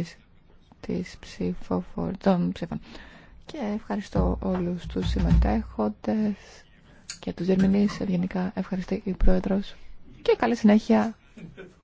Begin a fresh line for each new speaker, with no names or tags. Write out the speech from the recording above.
της, της των ψήφων. Και ευχαριστώ όλους τους συμμετέχοντες και τους διερμηνείς. Ευγενικά ευχαριστώ η Πρόεδρος.
Και καλή συνέχεια